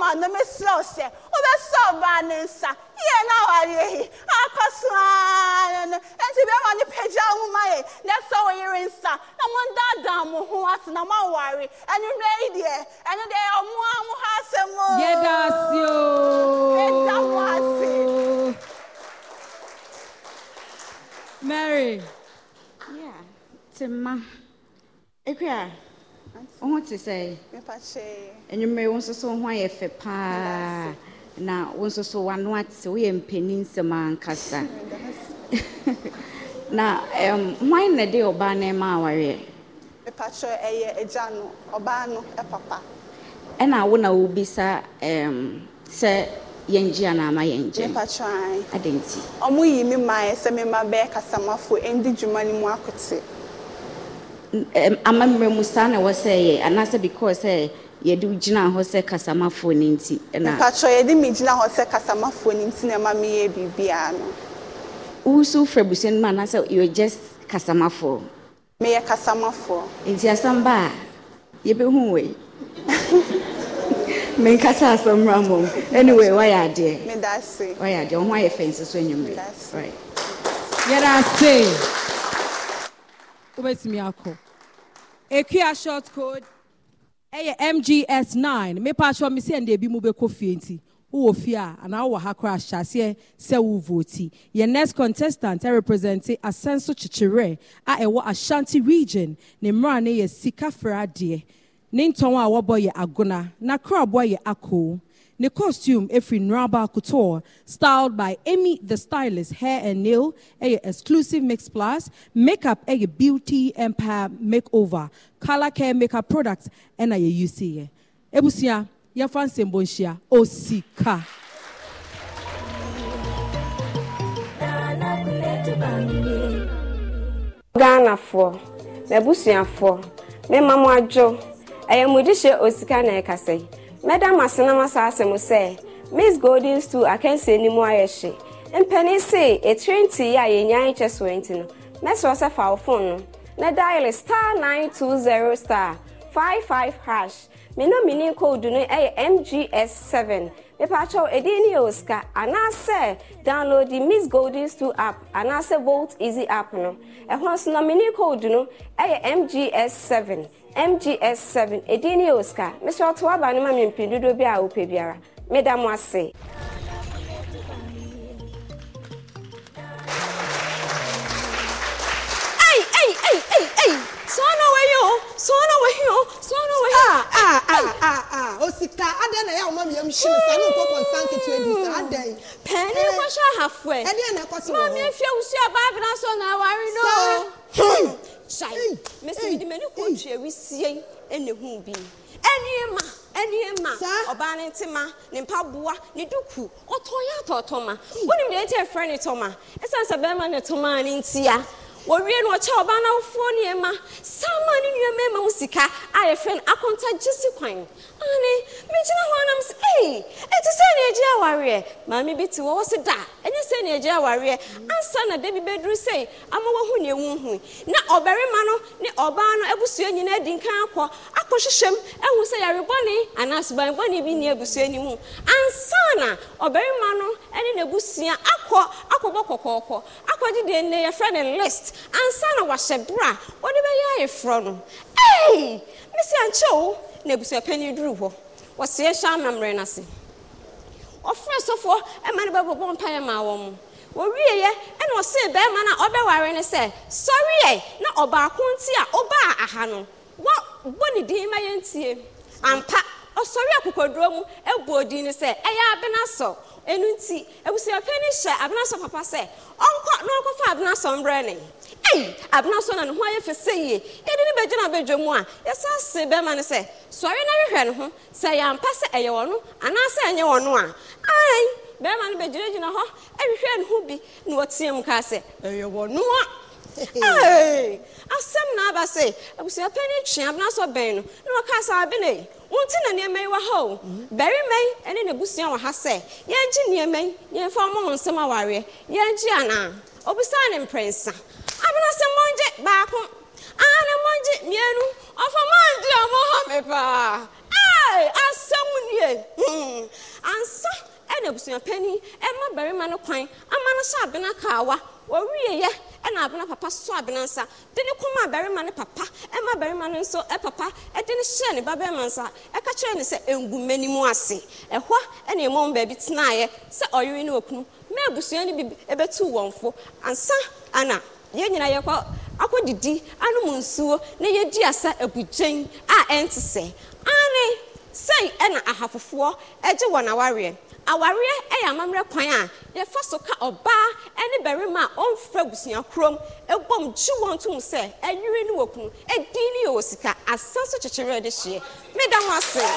ma no mesrɛ wo sɛ wobɛsɛ ɔbaa ne nsa yie na awareɛ yi akɔ so no nti bɛma no pagya wo ma yɛ na ɛsɛ wo yere nsa na mondaadaa mo ho ase na moaware ɛno mmerɛ yi deɛ ɛno deɛ ɔmoa mo ha asɛm o yɛda ase o mo ase mary yeah tema ekua wo ho te sɛ ɛnwummerɛ wo nso so wo ho ayɛ fɛ paa na wo nso so wano ate woyɛ mpani nsɛm ankasa na hwan na de ɔbaa no ɛma awareɛ mepakyɛ ɛyɛ agya no ɔbaa no papa ɛna wo na wobisa sɛ yɛngye anaama yɛngye mepakyɛ ade ɔmo yi me maɛ sɛ mema bɛyɛ kasamafoɔ ɛndi dwuma no mu akote ama mmerɛ mu saa na ɛwɔ sɛ yɛ anaasɛ because sɛ eh, yɛde gyina hɔ sɛ kasamafoɔ no nti mpakyɛ yɛde megyina hɔ sɛ kasamafoɔ no nti na ɛma meyɛ biribiaa no woso frɛ busua no mu anaasɛ yɛ just kasamafoɔ meyɛ kasamafoɔ nti asɛm ba a yɛbɛhu wei menkasa asɛm mmra mmom anyway woayɛ adeɛ woayɛ adeɛ wo ho ayɛ fɛ so anwummerɛ yɛda ase wobɛtumi akɔ ekua short code ɛyɛ mgs nine mepa ahyɛ ɔmo sɛ ɛnna ebi mu bɛkɔ fie nti wowɔ fie a anaa wowɔ ha koraa ahyɛ aseɛ sɛ wovooti yɛn next contestant ɛrepresente asenso kyekyerɛ a ɛwɔ ashanti region ne mmerɛ ne yɛ sikafra adeɛ ne ntɔn a wɔbɔ yɛ agona na korɔbɔ yɛ akoo The costume, every Nraba Couture, styled by Amy the Stylist, hair and nail, a exclusive mix plus, makeup, a beauty empire makeover, color care makeup products, and a UC. Ebusia, your fans fancy bonshia, Osika. ghanafoɔ m'abusuafoɔ for, mo adwo ɛyɛ mo de hyɛ osika na ɛkasa yi mɛdam asenam asa asɛm sɛ miss golden stool akansie no mu ayɛ hye mpanin se etire ntii a yɛnyan kyɛ so nti no mɛsrɛ sɛ fa wo phone no na dial star nine two zero star five five hash me mini code no ɛyɛ mgs seven mepatwɛw ɛdin ne yɛ osika anaasɛ download the miss golden stool app anaasɛ volt easy app no ɛho nso nomini code no ɛyɛ mgs seven mgs 7 edin ne oscar mesɛ ɔto aba no ma mempin dodoɔ bi a wopɛ biara meda mo ase sɔɔna wɔyi o sɔɔna wɔyi o sɔɔna wɔyi o. aa aa aa aa aa o si ta adan na yaw ma mi yam si mi sa ne ketewa di sa adan. pɛɛni ko sɛ ahafo ɛ. ɛni ɛna ɛkɔtɔ wɔ hɔ. maa mi fi ewusu ɛ baa bi na sɔ na awari n'o. sɔɔ gyae mesi bi di mani kɔ ntua wisie ɛna ehu bi ɛni ma ɔbaa ne ntoma ne mpaboa ne duku ɔtɔn yɛ atɔtɔma hmm. wɔnim deɛ ɛnti ɛfrɛ ne tɔma ɛsan sɛ bɛrima ne tɔma ne ntia wɔwie no ɔkyɛ ɔbaa n'awofoɔ nneɛma saa ne nneɛma ɛma ho sika a yɛfrɛ no akɔntagye si kwan Ani, me gyina hɔ nam sɛ, ei, eh, ɛte sɛ na agye awareɛ. Maame bi te hɔ, wɔ se da, ɛnyɛ sɛ na agye awareɛ. Ansa na da bi bɛduru sei, ama wɔahu nea ɛwu hu. Na ɔbarima no ne ɔbaa no abusua nyinaa adi nkan akɔ, akɔhyehyɛ mu, ɛhu sɛ yarebɔne anaa subanbɔne bi ne abusua no mu. Ansa na ɔbarima no ne n'abusua akɔ, akɔbɔ kɔkɔɔkɔ, akɔgye deɛ nnɛ yɛfrɛ no list. Ansa na wahyɛ bra, wɔde bɛyɛ ayeforɔ no. ee mesi ankyɛ o na abusuapɛni duru hɔ wɔsi ɛhyɛ amammerɛ n'ase ɔfrɛ sɔfoɔ ɛma ne bɛbɔ mpaeɛ maa wɔn wɔwie yɛ ɛna ɔsi bɛrima na ɔbɛware ne sɛ sɔre yɛ na ɔbaako nti a ɔbaa aha no wɔbɔ ne din ma yɛn tie ampa ɔsɔre akokoduro mu ɛbu odin ne sɛ ɛyɛ abenasɔ ɛnu nti abusuapɛni hyɛ abenasɔ papa sɛ ɔnkɔ na ɔnkɔfa abenasɔ mbrɛ ne. abena so na ne ho ayɛ fɛ sɛ yie yɛde ne bɛgyina badwa mu a yɛsan se bɛma no sɛ sɔre na hwehwɛ ne ho sɛ yɛampa sɛ ɛyɛ ɔno anaasɛ ɛnyɛ ɔno a ai bɛrima no bɛgyinagyina hɔ ɛhwehwɛ ne ho bi na wɔteɛ mu kaa sɛ ɛyɛ wɔno a asɛm na aba sɛ abusua panyin twe abena so bɛn no na wɔkaa sɛ abene wonti na nneɛma yi wɔ ha o mm-hmm. barima yi ne n'abusua wɔ ha sɛ yɛngye nneɛma yi yɛmfa ɔmo ho nsɛm awareɛ yɛngye anaa obisa ne mprɛnsa abena sɛ mɔngye baako aa na mmienu ɔfa mɔngye ɔmo hɔ me paa ɛɛ asɛm nie hmm. ansa ɛna ɛma barima no kwan ama no abena ɛna abena papa so abena nsa de ne papa ɛma barima no nso ɛpapa e ɛde ne hyɛ ne babarima nsa ɛka kyerɛ ne sɛ ɛngu m'anim ase ɛhɔ ɛna mu baabi sɛ no bi ebetu wɔn yɛn nyinaa yɛkɔ akɔdidi anom nsuo na yɛdi asa abugyen a ɛnte sɛ ane sɛn ɛna ahafofoɔ ɛgye wɔn awareɛ awareɛ ɛyɛ amammerɛ kwan a yɛfa so ka ɔbaa ɛne barima a ɔmfra abusua kurom ɛbom gye wɔn tom sɛ ɛyere ne wɔ kunu ɛdin ne yɛ wɔ sika asan so kyekyere de hyeɛ meda ho ase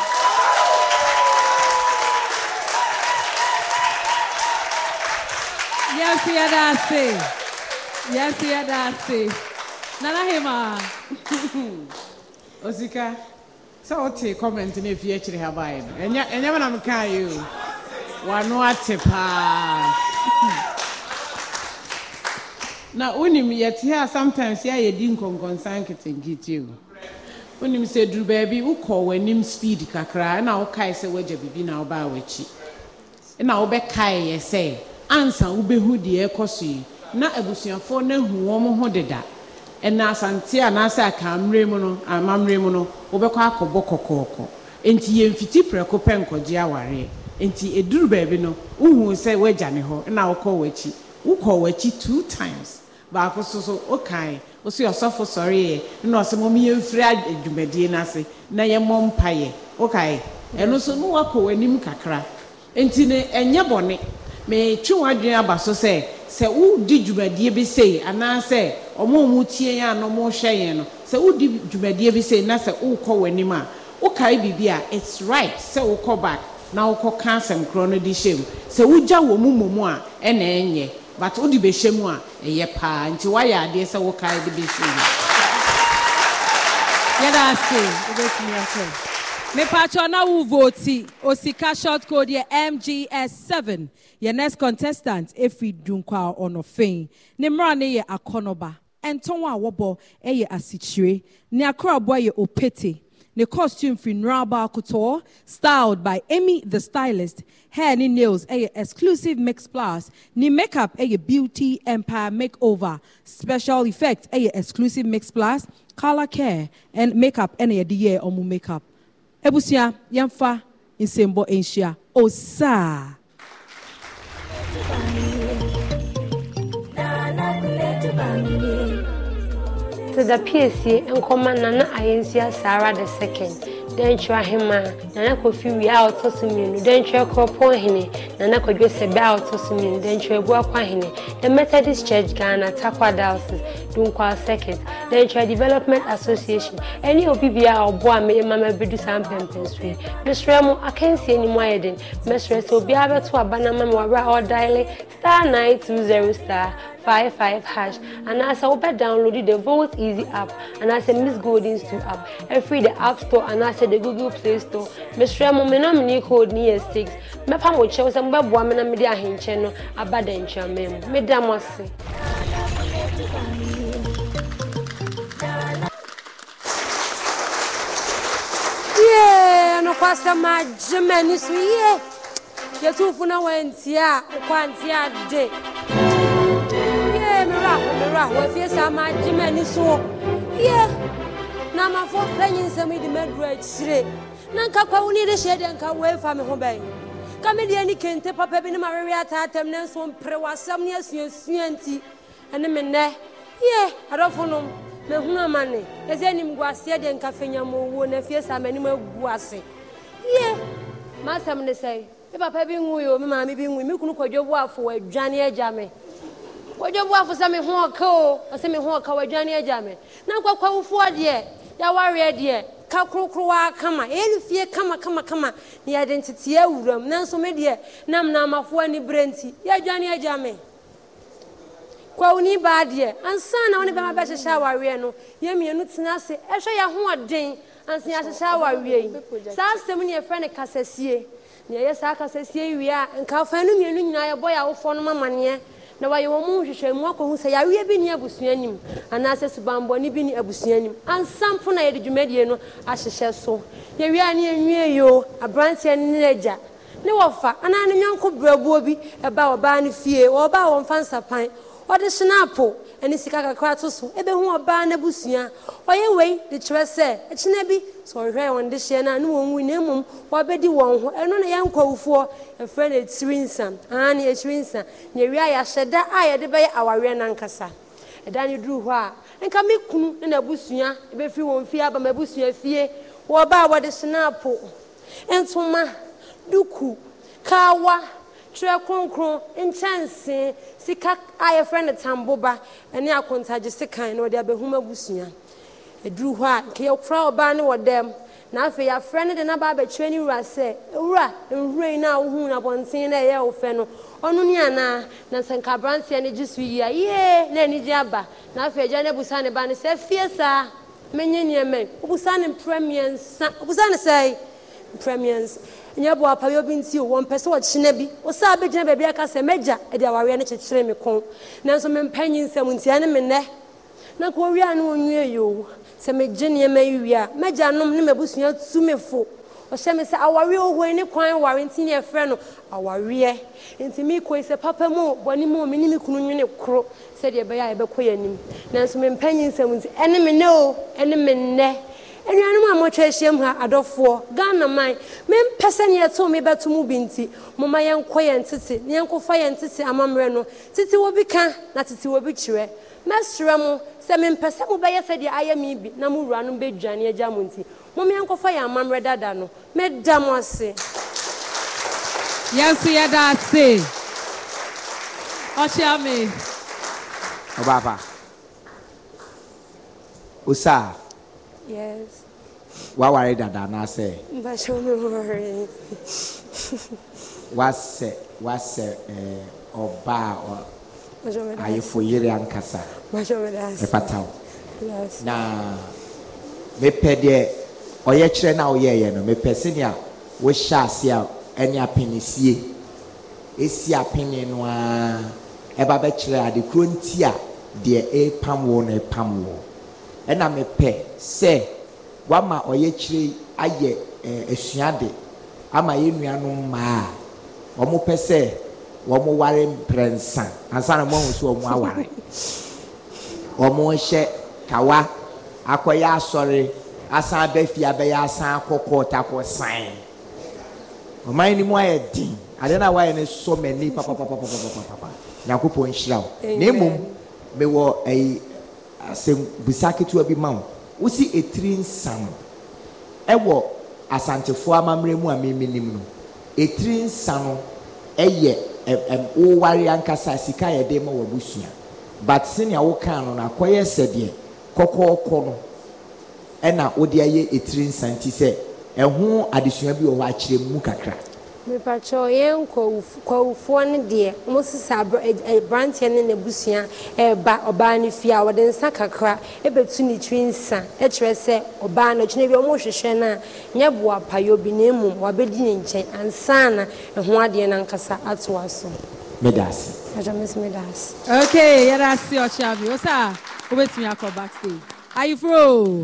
yɛmfo yɛda ase Yes, yɛse that's it. nana hema osika sɛ wote comment no ɛfie akyiri ha baeɛ no ɛnyɛ mana mekaeɛ o wano ate paa na wonim yɛte a sometimes yɛ yɛdi nkɔnkɔnsa nketenkete o wonim sɛ duru baabi wokɔ w'anim speed kakra na wokae sɛ woagya biribi na wobaa w'akyi na wobɛkae kai sɛ ansa wobɛhu deɛ ɛkɔ so yi na abusuafo no ahu wɔn ho deda ɛna asante a anaasɛ akammerɛ mu no amammerɛ mu no wobɛkɔ akɔbɔ kɔkɔɔkɔ nti yɛmfiti prɛko pɛ nkɔgye awareɛ nti ɛduru baabi no wohu sɛ woagya ne hɔ na wokɔ w'akyi wokɔ w'akyi two times baako so so wokae wosi ɔsɔfo sɔreɛ na ɔsɛ mɔmi yɛmfiri adwumadie no ase na yɛmmɔ mpayɛ wokae ɛno nso ne woakɔ w'anim kakra nti no ɛnyɛ bɔne metwe w'adwene aba so sɛ sɛ wodi dwumadie bi sei anaasɛ ɔmo a ɔmo tie yɛn a ɔmo hwɛ yɛn no sɛ wodi dwumadie bi sei na sɛ wokɔ w'anim a wokae biribi a it's right sɛ wokɔ back na wokɔ ka asɛm korɔ no de hyɛ mu sɛ wogya wɔ mu mmom a ɛna ɛnyɛ but wode bɛhyɛ mu a ɛyɛ paa nti woayɛ adeɛ sɛ wokae de bɛhyɛ mu yɛda ase wobɛtumi akɔ mepatro na wo vote osika short code yɛ mgs7 yɛ next contestant efi dunkwa ɔnɔfɛn ne mmerɛ ne yɛ akɔnɔba ntɔn a wɔbɔ yɛ asikyire ne akorabɔ yɛ opete ne costume fi nuraba couture styled by amy the stylist hair ne nails ɛyɛ e exclusive mix plus ne makeup ɛyɛ e beauty empire makeover special effect ɛyɛ e exclusive mix plus color care and makeup ɛna yɛde yɛ ɔmo makeup Ebusia yamfa nsɛmbɔ nhyia osaa sɛ da piesie nkɔma nana ayensia saa ara the second dɛn twerɛ ahema nana kofi wia a ɔtɔ so mmienu dɛn twerɛ kɔpɔn hene nana kɔdwe sɛbɛ a ɔtɔ so mmienu dɛn twerɛ buakwa hene the methodist church ghana takwa diocese dunkwa second. dɛn twerɛ development association ɛne obi bia a ɔboa me ma mabɛdu saa mpɛmpɛn so yi mesrɛ mo akansie ni mu ayɛ den mɛsrɛ sɛ obiara bɛto aba na ma me wɔberɛ a ɔdaele star nine two zero star five five hash and anaasɛ wopɛ download the Vote easy app and anaasɛ miss Golding's stew app every the app store and anaasɛ the google play store mesrɛ mo me nam ne code ne Me six mɛpa mo kyɛw sɛ mobɛboa me na me mede ahenkyɛ no aba dankyerɛma mu meda mo ase nokwasɛm agye m'ani so yie yɛtumfo na wantie a wokɔ antie ade a wɔafie saa ma gye m'ani so yɛ na amafo panyi nsɛm yi de maduru akyire na nka kwa wo de hyɛ deɛ nka woafa me ho bɛn ka me deɛ ne kente papa bi ne ata ataatam ne nso mpere w'asɛm ne asuasua nti ɛne me nnɛ yɛ adɔfo nom mehunu amane ɛsɛ animgu aseɛ deɛ nka fanyama owuo na afie saa m'anim agu ase yɛ masɛm ne sɛ me papa bi nwui o me maame bi nwui me kunu kwadwo boafo adwane agya me wɔdwa bu afo sɛ me ho ɔka o ɔsɛ me ho ɔka wɔadwane agya me na nkwakwawofoɔ deɛ yɛawareɛ deɛ ka korokorowa kama ɛyɛ fie kama kama kama na yɛde nteteɛ awuram nanso me deɛ nam na amafoɔ ani berɛ nti yɛadwane agya me kwawuni baa deɛ ansa na wɔne bɛma bɛhyehyɛ awareɛ no yɛ mmienu tena ase ɛhwɛ yɛ ahoɔden ansa yɛahyehyɛ awareɛ yi saa asɛm ne yɛfrɛ no kasasie na yɛyɛ saa kasasie wie a nka afa no mmienu nyinaa yɛbɔ yɛ awofoɔ no mamanneɛ na wɔayɛ wɔn mu nhwehwɛmu akɔhu sɛ yareɛ bi ne abusua anim anaasɛ subanbɔne bi ne abusua anim ansampo na yɛde dwumadie no ahyehyɛ so yɛwie ne yɛnwie yi o aberanteɛ ne n'agya ne wɔfa anaa ne nyɔnko brɛboɔ bi ɛba ɔbaa no fie ɔbaa wɔmfa nsapan ɔde hyena ɛne sika kakra to so ɛbɛhu ɔbaa n'abusua ɔyɛ wei de kyerɛ sɛ ɛkyinɛ bi sɛ ɔhwɛ wɔn de hyɛ no a ne wɔn wu na mmom wɔabɛdi wɔn ho ɛno na yɛn nkɔwfoɔ ɛfrɛ no etiri nsa aa ne etiri nsa na ewia yɛahyɛ da a yɛde bɛyɛ awareɛ nankasa ɛda ne duru hɔ a nka me kunu ne n'abusua ebɛfiri wɔn fie aba m'abusua fie wɔbaa wɔde hyɛ no apɔ ntoma duku kawa. twerɛ kronkron nkyɛnse sika a yɛfrɛ no tamboba ne akontagye sekan na wɔde abɛhum abusua ɛduru hɔ a nka yɛkora ɔbaa no wɔ dɛm na afei yɛafrɛ no de no aba abɛkyerɛ ne wura sɛ wura nwura yi no a wohuu no abɔnten no ɛyɛ wo fɛ no ɔno ne anaa na sɛ nka aberanteɛ no gye so yi a yee na anigye aba na afei agya no abusa ne ba no sɛ fie saa menye nneɛma wobusa ne mprɛ wobusa ne sɛe mprɛ nyɛ bɔ apayeɛ bi nti o wɔn pɛ sɛ ɔkyinɛ bi ɔsɛ abɛgyina baabi aka sɛ mɛgya ɛde awareɛ no kyekyere me kɔn nanso mempɛ nyinsɛm nti ɛne me nnɛ na kò wia ne onwie yi o sɛ megye nneɛma yi wia mɛgya nom ne mɛbusua tu me fo ɔhyɛ me sɛ awareɛ ohoe ne kwan ware nti ne yɛfrɛ no awareɛ nti mekɔ yi sɛ papa mu bɔne mu me ne me kunu nwene koro sɛdeɛ ɛbɛyɛ a yɛbɛkɔ e yɛ anim nanso mempɛ nyinsɛm nti ɛne me nnɛ o ɛne me nnɛ anuanom a motwa ahyiam ha adɔfoɔ ghana man mempɛ sɛ ne yɛtoo mebɛto mu bi nti moma yɛnkɔ yɛn tete ne yɛnkɔfa yɛn tete amammerɛ no tete wɔ bi ka na tete wɔ bi kyerɛ mɛserɛ mo sɛ mempɛ sɛ mobɛyɛ sɛdeɛ ayɛ me bi na mo wura no bɛdwane agya mo nti moma yɛnkɔfa yɛn amammerɛ dada no mɛda mo ase yɛn yɛda ase ɔkyea me ɔbaapa Yes. Wawari dada na ase. Mbasho me worry. Wase wase eh ọba ayefo yere ankasa. Mbasho da Na mepɛ deɛ ɔyɛ kyerɛ na ɔyɛɛyɛ no mepɛ sɛnea wohyɛ ase a ɛne apinisie esi apini no ara ɛba bɛkyerɛ ade kuro nti a deɛ ɛrepam wo na ɛpam wo. ɛna mepɛ sɛ wama ɔyɛ kyerɛ ayɛ ɛɛ esuade ama yɛ nuanom mmaa wɔn pɛ sɛ wɔn ware mprɛnsa ansana wɔn ahosuo wɔn aware wɔn hyɛ kawa akɔyɛ asɔre asan abɛ fie abɛyɛ asan akɔkɔ takɔ san ɔman ne mu ayɛ den ade na wayɛ ne sɔ mɛ ni papapapapapapa nyakopɔn nhyira o na emu mewɔ ɛyi. asɛm bisa ketewa bi ma wo wosi etiri nsam ɛwɔ asantefoɔ amammerɛ mu a mimi nim no etiri nsa no ɛyɛ ɛm woware ankasa sika yɛ de ma wabusua but sɛnea wokaa no n'akɔyɛ sɛdeɛ kɔkɔɔkɔ no ɛna wode ayɛ etiri nsa nti sɛ ɛho adesua bi wɔ hɔ akyerɛ mu kakra. mepatwɛ yɛn nkɔwufoɔ no deɛ wɔsesa aberanteɛ ne n'abusua ɛreba ɔbaa no fie a wɔde nsa kakra ɛbɛtu ne tiri nsa ɛkyerɛ sɛ ɔbaa no twene bi wɔrehwehwɛ no a nyɛ boa payɔ bi na mmom wabɛdi ne nkyɛn ansa na ɛho adeɛ no ankasa atoa so meda ase okay yɛda ase ɔkyeabi wo sɛ a wobɛtumi akɔ backstage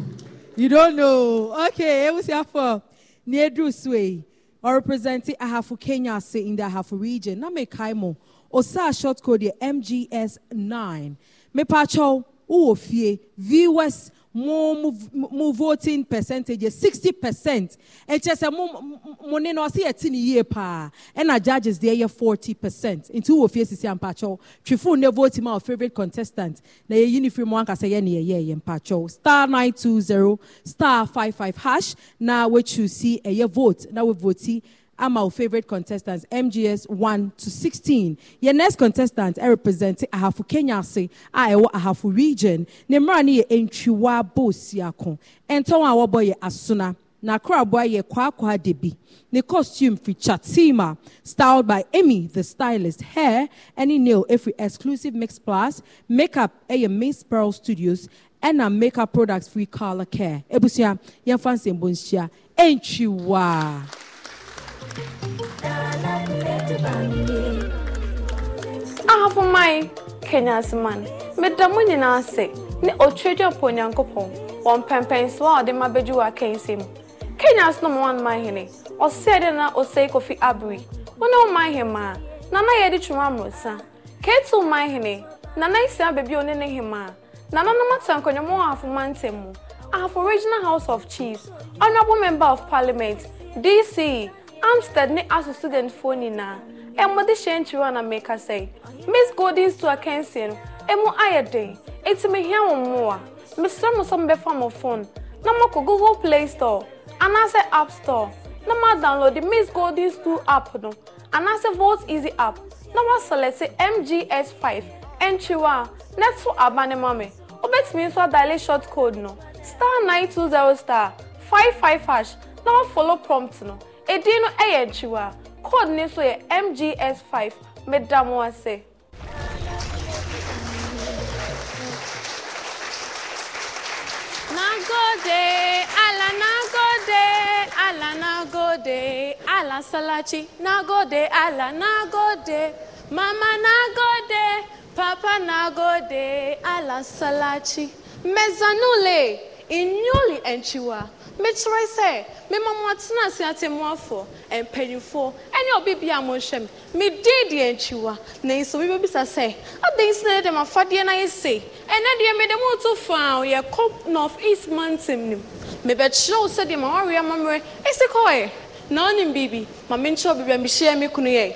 you don't know okay ɛwusiafoɔ ne ɛduru so yi ɔrepresente ahafo kenya say in the ahafo region Name Kaimo. Osa short code yɛ mgs 9 Me Pacho. uofie viewers more voting percentage, 60%. And just a money no see a tiny year pa. And our judges there are 40%. In two of years, I'm patcho. Trifu ne vote my favorite contestant. Na ye uniform one say yeah yeah yeah yeah patcho. Star 920, star five five hash. Now which you see a eh, year vote. Now we vote see. I'm our favorite contestants, MGS 1 to 16. Your next contestant I represent Ahafu I Aewa Ahafu region. Nemrani ye enchiwa bo siakon. Ento wa wabo ye asuna. Na boy ye kwa kwa debi. Ne costume fi chatima, styled by Amy the stylist. Hair, any nail, every exclusive mix plus. Makeup, a Miss Pearl Studios. And our makeup products free color care. Ebusia, yan fancy mbonshia. Enchiwa. ahafomai kenya aseman meda mo nyinaa ase ne otwerɛdwapɔ onyankopɔn wɔ mpɛmpɛnsoa a ɔde ma bɛgye wɔ akɛnsɛm kenya so no ma wanomman hene ɔsɛe dɛ na ɔsɛe kofi abere wo ne woman hemaa nana yɛde twoma mmorosa keetu man hene nana isia baabi a ɔne ne hemaa nananom atankɔnyɔmɔ wɔ ahafoma ntɛm mu ahafo regional house of chiefs honourable member of parliament dc Amstead ne aso student fo nyinaa ɛmo de hyɛ ntwerɛ a na meka say. miss golden to kɛnseɛ no ɛmu e ayɛ den enti mehia wo mmoa mesrɛ mo sɛ mobɛfa mo phone na moakɔ google play store anaasɛ app store na moadownload miss golden to app no anaasɛ volt easy app na woasɛlɛte mgs5 ɛntwerɛ a na to aba ne ma me wobɛtumi nso short code no star 920 star 55 hash na woafolo prompt no edin no ɛyɛ eh, nkyiwa code ne nso yɛ mgs5 meda mo ase nagode ala nagode ala nagode ala salachi nagode ala nagode mama nagode papa nagode ala salachi mezanule inyoli enchiwa mekyerɛ sɛ mema mo atena ase atemmuafoɔ eh, mpanimfoɔ ne obi bi a monhwɛ me medii deɛ nkyiwa na nso mebɛbisa sɛ adɛn sina yɛ dɛm afadeɛ no ayɛ sei ɛnɛ deɛ mede moto faa yɛ cop north east mantam nim mebɛkyerɛ wo sɛdeɛ ma wareɛ mammerɛ ɛsi kɔɛ na wonim biribi ma menkyerɛ wo a mehyia me kunu yɛ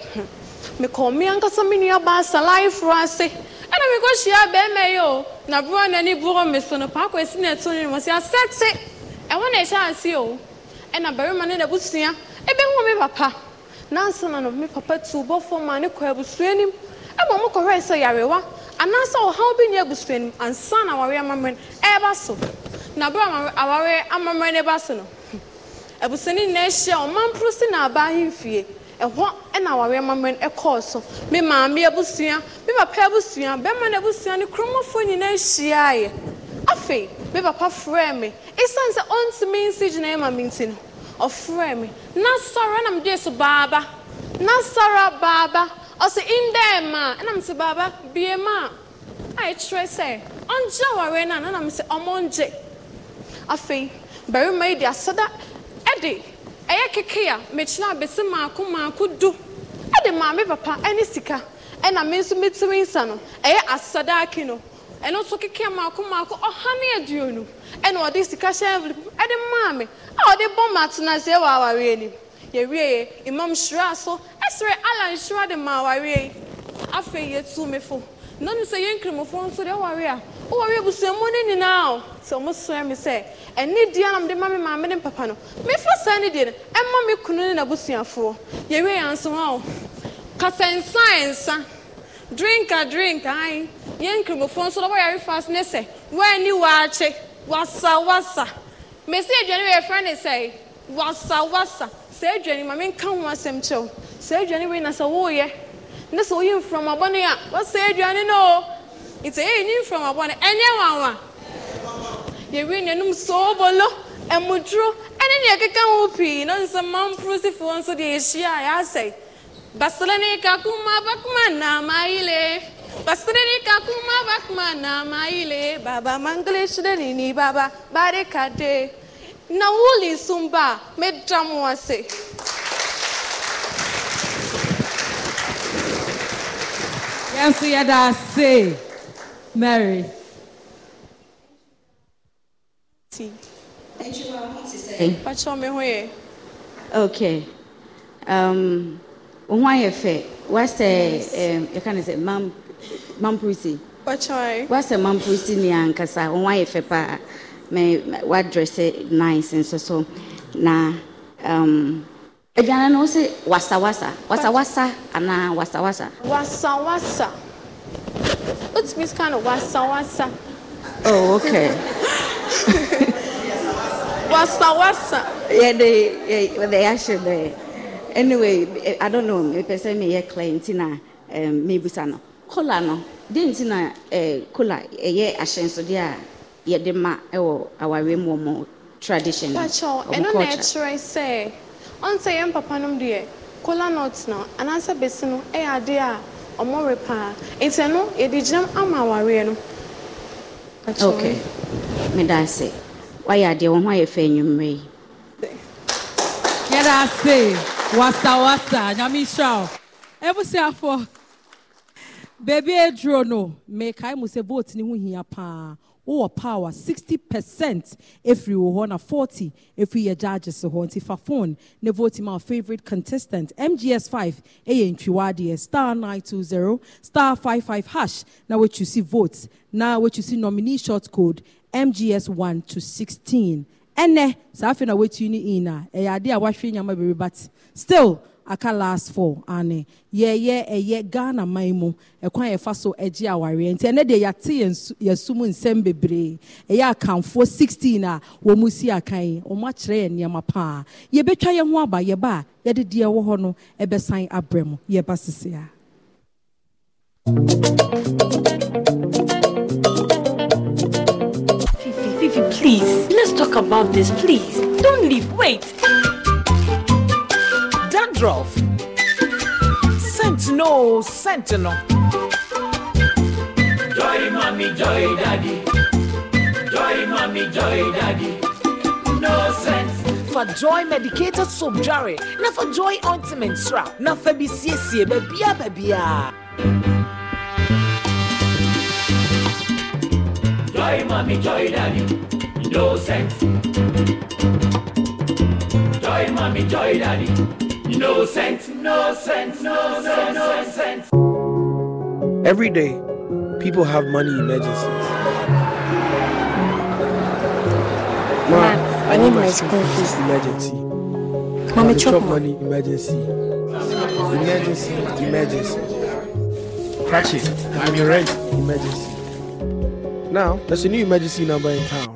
mekɔɔ me ankasa me nuabaa salaiforɔ ase ɛna mekɔhyia bɛrima yi o na berɛ a n'ani borɔ me so no paakɔ asi ne ɛto no nomɔsi asɛte ɛwɔ na ɛhyɛ ase o ɛna barima ne n'abusua me papa nansa na me papa tu bɔ fam a ne kɔ abusua nim ɛma ɔmo kɔhwɛ sɛ yarewa anaasɛ ɔhaw bi nyɛ abusua nim ansa na awareɛ amammerɛ ɛɛba so na bere awareɛ amammerɛ no ba so no abusuani nyinaa ahyia si na aba ahemfie ɛhɔ ɛna amammerɛ no ɛkɔɔ so me maame abusua me papa abusua abusua me papa frɛ me ɛsiane sɛ ɔntumi nsi gyina ɛma me nti no ɔfrɛ me na sɔre ɛna mede so baaba na sɔre baaba ɔsɛ indɛ ma ɛna mete baaba bie ma a ɛkyerɛ sɛ ɔngye awareɛ no a na nam sɛ ɔmo ngye afei barima yi de asɛda ɛde ɛyɛ keke a mekyerɛ abɛsi maako maako du ɛde maame papa ɛne sika ɛna me nso metiri nsa no ɛyɛ asɛda aki no ɛno nso keke mako mako ɔhane aduonu ɛna ɔde sika hyɛ envelope ɛde maa me a ɔde bɔ ma atenaseɛ wɔ awareɛ nim yɛwie imam hyira so ɛsrɛ ala nhyira de ma awareɛ yi afei yɛtu me fo na no sɛ yɛn nkramofoɔ nso deɛ wɔre a wɔware abusuamu no nyinaa o sɛ ɔmo soa me sɛ ɛne deɛ na mede ma me maame ne papa no mefa saa ne deɛ no ɛma me kunu ne n'abusuafoɔ yɛwie yɛn nso ha o kasa nsa nsa drink a drink ayi yɛn nkurumofo nso lɔbɔ yari fast nese. sɛ wɛni waakye wasa wasa mesi aduane wei yɛfrɛ nese. sɛ wasa wasa sɛ aduane maame nka ho asɛm kyɛw sa aduane wei na sɛ wɔɔyɛ ne sɛ wɔyɛ mfuramabɔ ne a wasa aduane no o nti eyi ni mfuramabɔ no ɛnyɛ nwanwa yɛwi n'anim soobolo ɛmuduro ɛne nea ɛkeka ho pii na nsɛm mampuro sifoɔ nso deɛ yɛhyia a yɛasɛe Basrani kakuma bakmana maile. Basrani kakuma bakmana maile. Baba manglish denini baba barekade. Nawuli sumba medramuase. Yansi yada say, Mary. Okay. Um, wo ho ayɛ fɛ wasɛ yɛka ne sɛ mam mamprosi wasɛ mamprosi ne ankasa wo ho ayɛ fɛ paa me wadrɛsɛ nice nso so na um, aduane no wo se wasawasa wasawasa anaa wasawasa wasawasa wotumi sika no wasawasa oh okay wasawasa yɛde yɛde ahyɛ dɛ anyway i don't know mepɛ na eh, mebusa no kola no de nti na eh, kola ɛyɛ eh, ahyɛnsodeɛ a yedema ma ɛwɔ awareɛ mu ọmụ tradition ɔmo culture na ɛkyerɛ sɛ ɔnsɛ yɛn papa nom kola nut no anaasɛ besi no ɛyɛ a ɔmo re paa nti ɛno yɛde gyinam ama no okay ho yɛda ase wasawasa nyame hyɛw abusuafoɔ baabi aduro no mekae mu sɛ vote ne ho hia paa wowɔ power 60 percent ɛfiri wɔ hɔ na 40 ɛfiri yɛ gyagye se hɔ nti fa phone ne vote ma favorite contestant mgs 5 ɛyɛ eh, ntwiwadeɛ star 920 star five hash na Now vote na see nominee short code mgs 1 to 16 ɛnɛ saa afei na wetu no in a ɛyɛ adeɛ a wahwɛ nyama baabi but still aka last four ane yɛyɛ ɛyɛ ghana man mu ɛkwan yɛfa so agye awareɛ nti ɛnɛ deɛ yate yɛso mu nsɛm bebree ɛyɛ akamfoɔ sixteen a wɔn mu si akan wɔn akyerɛ yɛ nneɛma paa yɛbɛtwa yɛn ho aba yɛba a yɛde deɛ ɛwɔ hɔ no ɛbɛsan abrɛ mu yɛba sisi a. Fifi, Fifi, please. talk about this, please. Don't leave. Wait. Dandruff. Sentinel, sentinel. Joy, mommy, joy, daddy. Joy, mommy, joy, daddy. No sense. For joy medicated soap jarry. Now for joy ointment strap. Now for BCC, baby, baby. Joy, mommy, joy, daddy no sense. Joy, mommy, joy, daddy. No sense, no sense, no sense, no sense. Every day, people have money emergencies. Mom, I need my school fees. Emergency. Mommy, chop, chop money. Emergency. Emergency. Emergency. Catch it. I'm your rent. Emergency. Now, there's a new emergency number in town.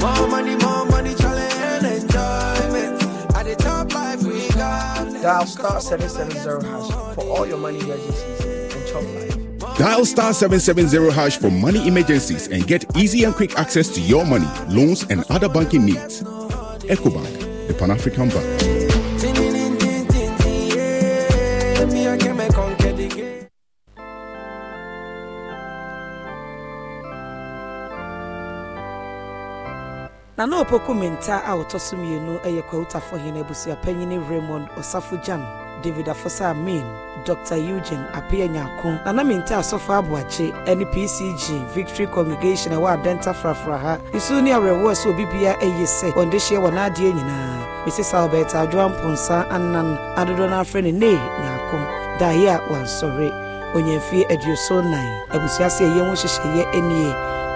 More money, more money, challenge and enjoyment. At the top life we got. Dial star 770 hash for all your money emergencies and chop life. Dial star 770 hash for money emergencies and get easy and quick access to your money, loans, and other banking needs. EcoBank, the Pan African Bank. na na opoku menta a wɔtɔ so mmienu yɛ kwawutafo hene abusuapanyini raymond ɔsafogyan david afosa amin dr eugen apia nyako na na menta asɔfo aboakye ne pcg victory congregation a ɛwɔ adɛnta frafra ha nsu ne awerɛwoɔ sɛ obibia ayi sɛ wɔnde hyeɛ wɔ n'adeɛ nyinaa mrs albert adwoa mponsa anan adodɔ no afrɛ ne nee nyako daeɛ a wansɔre onyamfie aduoso nan abusua sɛ ɛyɛ ho hyehyɛeɛ anie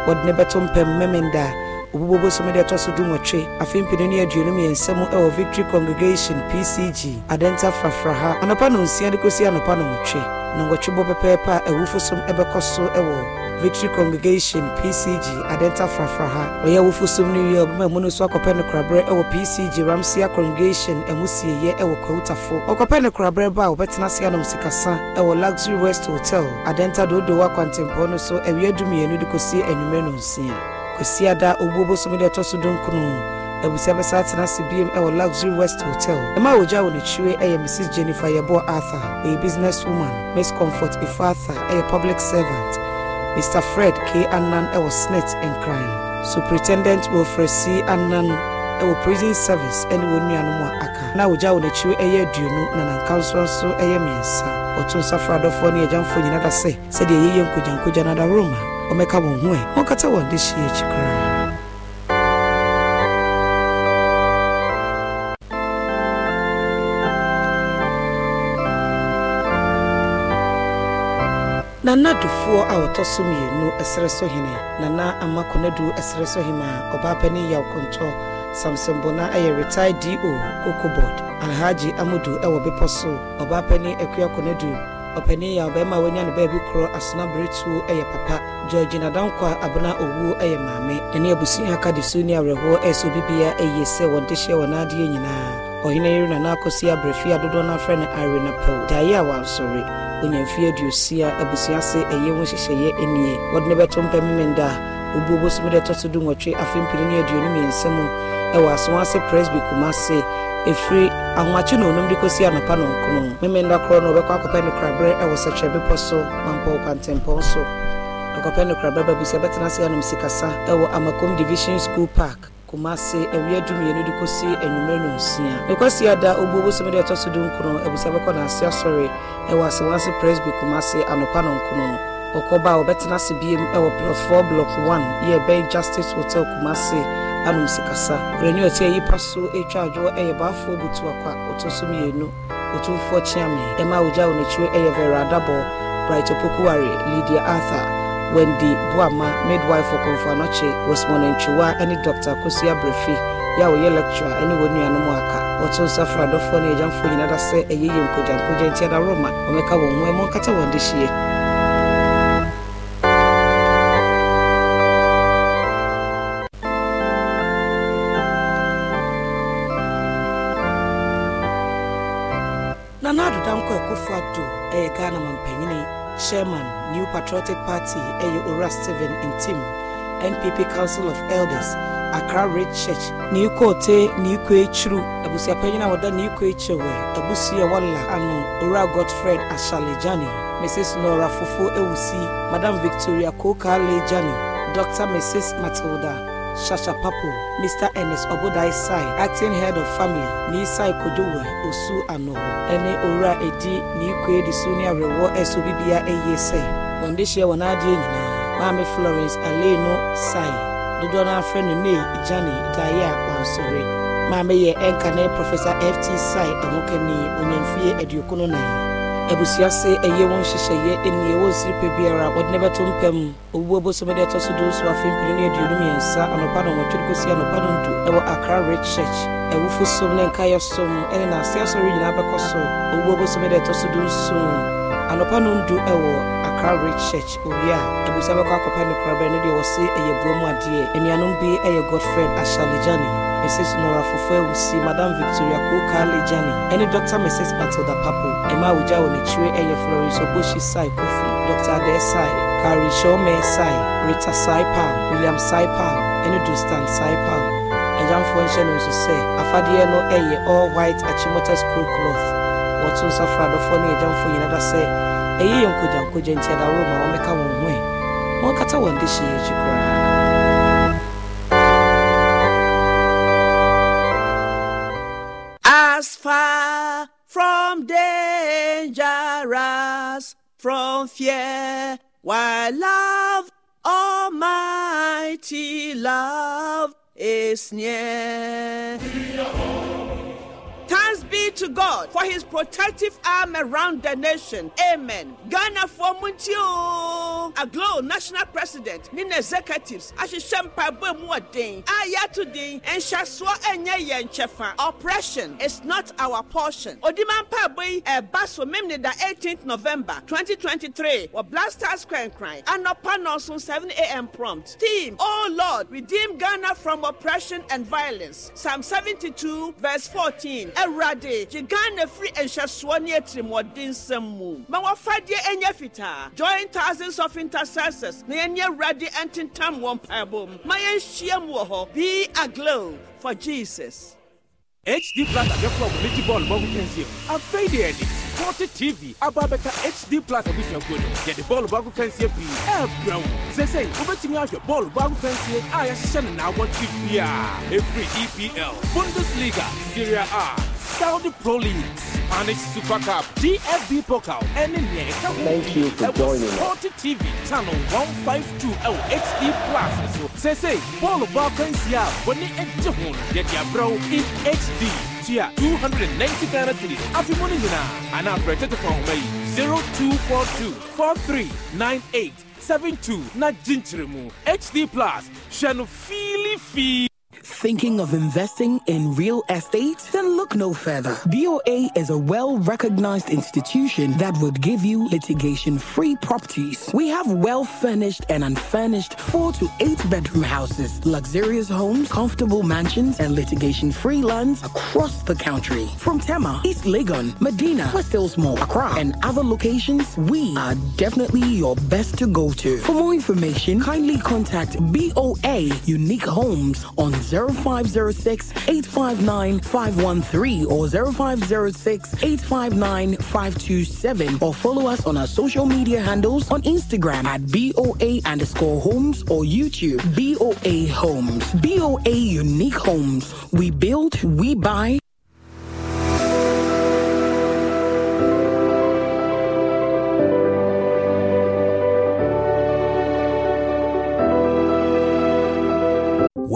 wɔde ne bɛto mpɛm memenda obubobo so mede ɛtɔ so dumɔtwe afei mpini ne aduonum yɛnsɛm ɛwɔ victory congregation pcg adɛnta frafraha anɔpa no nsia de kɔsi anɔpa no nwɔtwe na nwɔtwebɔ pɛpɛɛpɛ a awufosom ɛbɛkɔ so ɛwɔ victory congregation pcg adenta frafraha ɔyɛ wofosom no wie ɔbɛma mu no so akɔpɛ no koraberɛ ɛwɔ pcg ramsia congregation ɛmu sieyɛ ɛwɔ kawutafo ɔkɔpɛ no koraberɛ ba a wɔbɛtena ase anom sikasa ɛwɔ luxury west hotel adenta doodowa kwantempɔn no so awia dumienu de kɔsi anwummerɛ no nsia kwasi ada owuo bosomi deɛ ɛtɔ so dunkunu abusua bɛsa atena ase biem ɛwɔ luxury west hotel ɛma wogya wɔ n'akyire ɛyɛ mrs jennifer yɛboɔ arthur ɔyɛ business woman miss comfort Arthur ɛyɛ public servant mr fred k annan ɛwɔ snit and crime superintendent wilfred c annan ɛwɔ prison service ɛne wɔn nuanom a aka na wogya wɔ n'akyiri ɛyɛ aduonu na nanka nso nso ɛyɛ mmiɛnsa ɔto nsafra adɔfoɔ ne agyamfoɔ nyina da sɛ sɛdeɛ yɛyɛ nkogyankogya no adaroma wɔmɛka wɔn ho ɛ e, wɔnkata wɔn de hyia akyi koraa nana dufoɔ a wɔtɔ so mmienu ɛserɛ so nana ama kɔnadu ɛserɛ so hene a ɔbaa panin yaw kɔntɔ samson ɛyɛ retired do koko board alhaji amudu ɛwɔ bepɔ so ɔbaa panin akua kɔnadu ɔpanin yɛ ɔbɛrima a wanya ne baabi korɔ asena beretuo yɛ papa george nadanko a abena owuo yɛ maame ɛne abusua ka de so ne awerɛhoɔ ɛsɛ obibia ɛyie sɛ wɔde hyɛ wɔn adeɛ nyinaa ɔhene yere nana akɔsi aberɛfi a dodoɔ no afrɛ no are na pɛw daeɛ a wansɔre onyamfie aduosia abusua se ɛyɛ ho hyehyɛeɛ anie wɔde ne bɛto mpɛ memenda a obuo bosom dɛ ɛtɔ so du nwɔtwe afempini ne aduonu mmiɛnsa mu ɛwɔ asowa ase presby kumase ɛfiri ahomakye na onom de kɔsi anɔpa nonko no meme nda korɔ no wɔbɛkɔ akɔpɛ no ɛwɔ sɛkyerɛ bepɔ so mampɔ kwantempɔn so ɔkɔpɛ no babu sɛ ɛbɛtena ase anom sikasa ɛwɔ amakom division school park kumase awia dumienu de kɔsi anwummerɛ no nsia ɛkɔsi e ada obuo bosom de ɛtɔ so du nkono abusa bɛkɔ na asɔre ɛwɔ asewanse presby kumase anɔpa nonkono ɔkɔba a wɔbɛtena ase biem ɛwɔ plot 4 block 1 yɛ ɛbɛn justice hotel kumase anom sikasa brɛni ɔte ayi pa so ɛtwa adwo ɛyɛ baafoɔ butu akwa ɔto so mmienu ɔtumfoɔ kyeame ɛma ogya wo n'akyiri ɛyɛ vera adabɔ bright opokuware lydia arthur wendy boama midwife ɔkɔmfo anɔkye rosmond ntwiwa ɛne dr kosua brefi yɛ a wɔyɛ ɛne wɔn nuanom aka wɔto nsa fra ne agyamfoɔ nyinaa da ɛyɛ yɛ nkogyankogya ntiada roma ɔmɛka wɔn ho ɛmɔ nkata wɔn de hyie akufo-addo yɛ ghana mampanyini chairman new patriotic party ɛyɛ Ora stephen ntim npp council of elders accra red church ne koote ne kɔ akyiri abusuapanyin a wɔda ne kɔ akyiri wɔ abusua wɔla ano owura godfred ahyalejani mrs nora fofo ewusi madam victoria kokale jani dr mrs matilda Shasha Papo, Mr. Ernest Obodai Sai, Acting Head of Family, Nisai Kojowe, Osu ano. Eni Ora Edi, Nikwe Disuni Arewo, Esu Bibia Eye Sai. Wandishia Wanadi Nyina, Mami Florence Aleno Sai, Dodona Afrenu Ne, Ijani, Daya Wansore. Mami Ye Enka Ne Professor F.T. Sai, Amokeni, Onyemfie Edukono Nai abusua se ɛyɛ wɔn nhyehyɛeɛ ɛni ɛwɔ nsiri pɛ biara wɔde ne bɛto mpa mu owuo bosom de ɛtɔ so do so afempini ne aduonu mmiɛnsa anɔpa no wɔtwere kɔsi anɔpa no ntu ɛwɔ akra red church ɛwofo som ne nkayɛ som ɛne naase asɔre nyinaa bɛkɔ so owuo bosom de ɛtɔ so do nson anɔpa no ndu ɛwɔ akra red church owie a abusua bɛkɔ akɔpɛ nokorabɛ no deɛ wɔse ɛyɛ buo mu adeɛ anuanom bi ɛyɛ godfred ashalejani Mrs. Nora Fofewusi, Madam Victoria Koka Lejani, ẹni Dr. Mrs. Matilda Papu, Emma Ujao Nichire Eye Florence Oboshi Sai Kofi, Dr. Ade Sai, Kari Shome Sai, Rita Sai Pam, William Sai Pam, ẹni Dustan Sai Pam. Ẹ̀yàmfọ́ ẹ̀ṣẹ́ ni nso sẹ́, afadeɛ no ɛyɛ all white achimota school cloth. Wɔto nsa fra adɔfoɔ ne ɛgyamfo nyinaa da sɛ, ɛyɛ yɛn nkogyankogya nti ɛda woro ma wɔmmɛka wɔn ho ɛ. Wɔnkata wɔn de hyɛ yɛ akyi koraa. from fear, while love, almighty love, is near. Thanks be to God for his protective arm around the nation. Amen. Ghana for Muntio. aglow national president ne na executives ahyehyɛ mpaebɔ mu ɔden a yɛato din nhyɛsoɔ ɛnyɛ yɛn nkyɛfa oppression is not our portion odima mpaebɔ yi ɛba so mem ne da 18th november 2023 wɔ blasters krankran anɔpa nɔso 7am prompt team. o oh lord redeem ghana from oppression and violence psalm 72 verse 14 ɛwurade gye ghana firi nhyɛsoɔ ne atirimɔden nsɛm mu ma wɔfadeɛ ɛnyɛ fitaa join thousands of intercessors na yɛnyɛ ntentam wɔn mu ma wɔ hɔ be for jesus HD Plus abẹ́fọ́ ọ̀gbìn méjì bọ́ọ̀lù bọ́ọ̀lù kẹ́ńsì afẹ́yìndé TV ababẹ́ka HD Plus abidjan gbọdọ̀ yẹ̀dì bọ́ọ̀lù bọ́ọ̀lù kẹ́ńsì bi ẹ̀ bẹ̀rù sẹ́sẹ́ yìí o bẹ ti mi ahwẹ bọ́ọ̀lù bọ́ọ̀lù kẹ́ńsì a tí efiri EPL Bundesliga Serie A Saudi Pro League Spanish Super Cup, DFB Pokal, and in the Thank you for joining us. TV, channel 152 HD Plus. So, say, say, Paul Balkans, yeah, when the edge get your bro in HD. Tia, 290 Ghana cities. Afi money now. And I've read it from me 0242 4398 72. Na HD Plus, Shano Feely Fee. Thinking of investing in real estate? Then look no further. BOA is a well recognized institution that would give you litigation free properties. We have well furnished and unfurnished four to eight bedroom houses, luxurious homes, comfortable mansions, and litigation free lands across the country. From Tema, East Legon, Medina, West Hillsmore, Accra, and other locations, we are definitely your best to go to. For more information, kindly contact BOA Unique Homes on 0506 859 513 or 0506 859 527 or follow us on our social media handles on Instagram at BOA underscore homes or YouTube BOA homes. BOA unique homes. We build, we buy,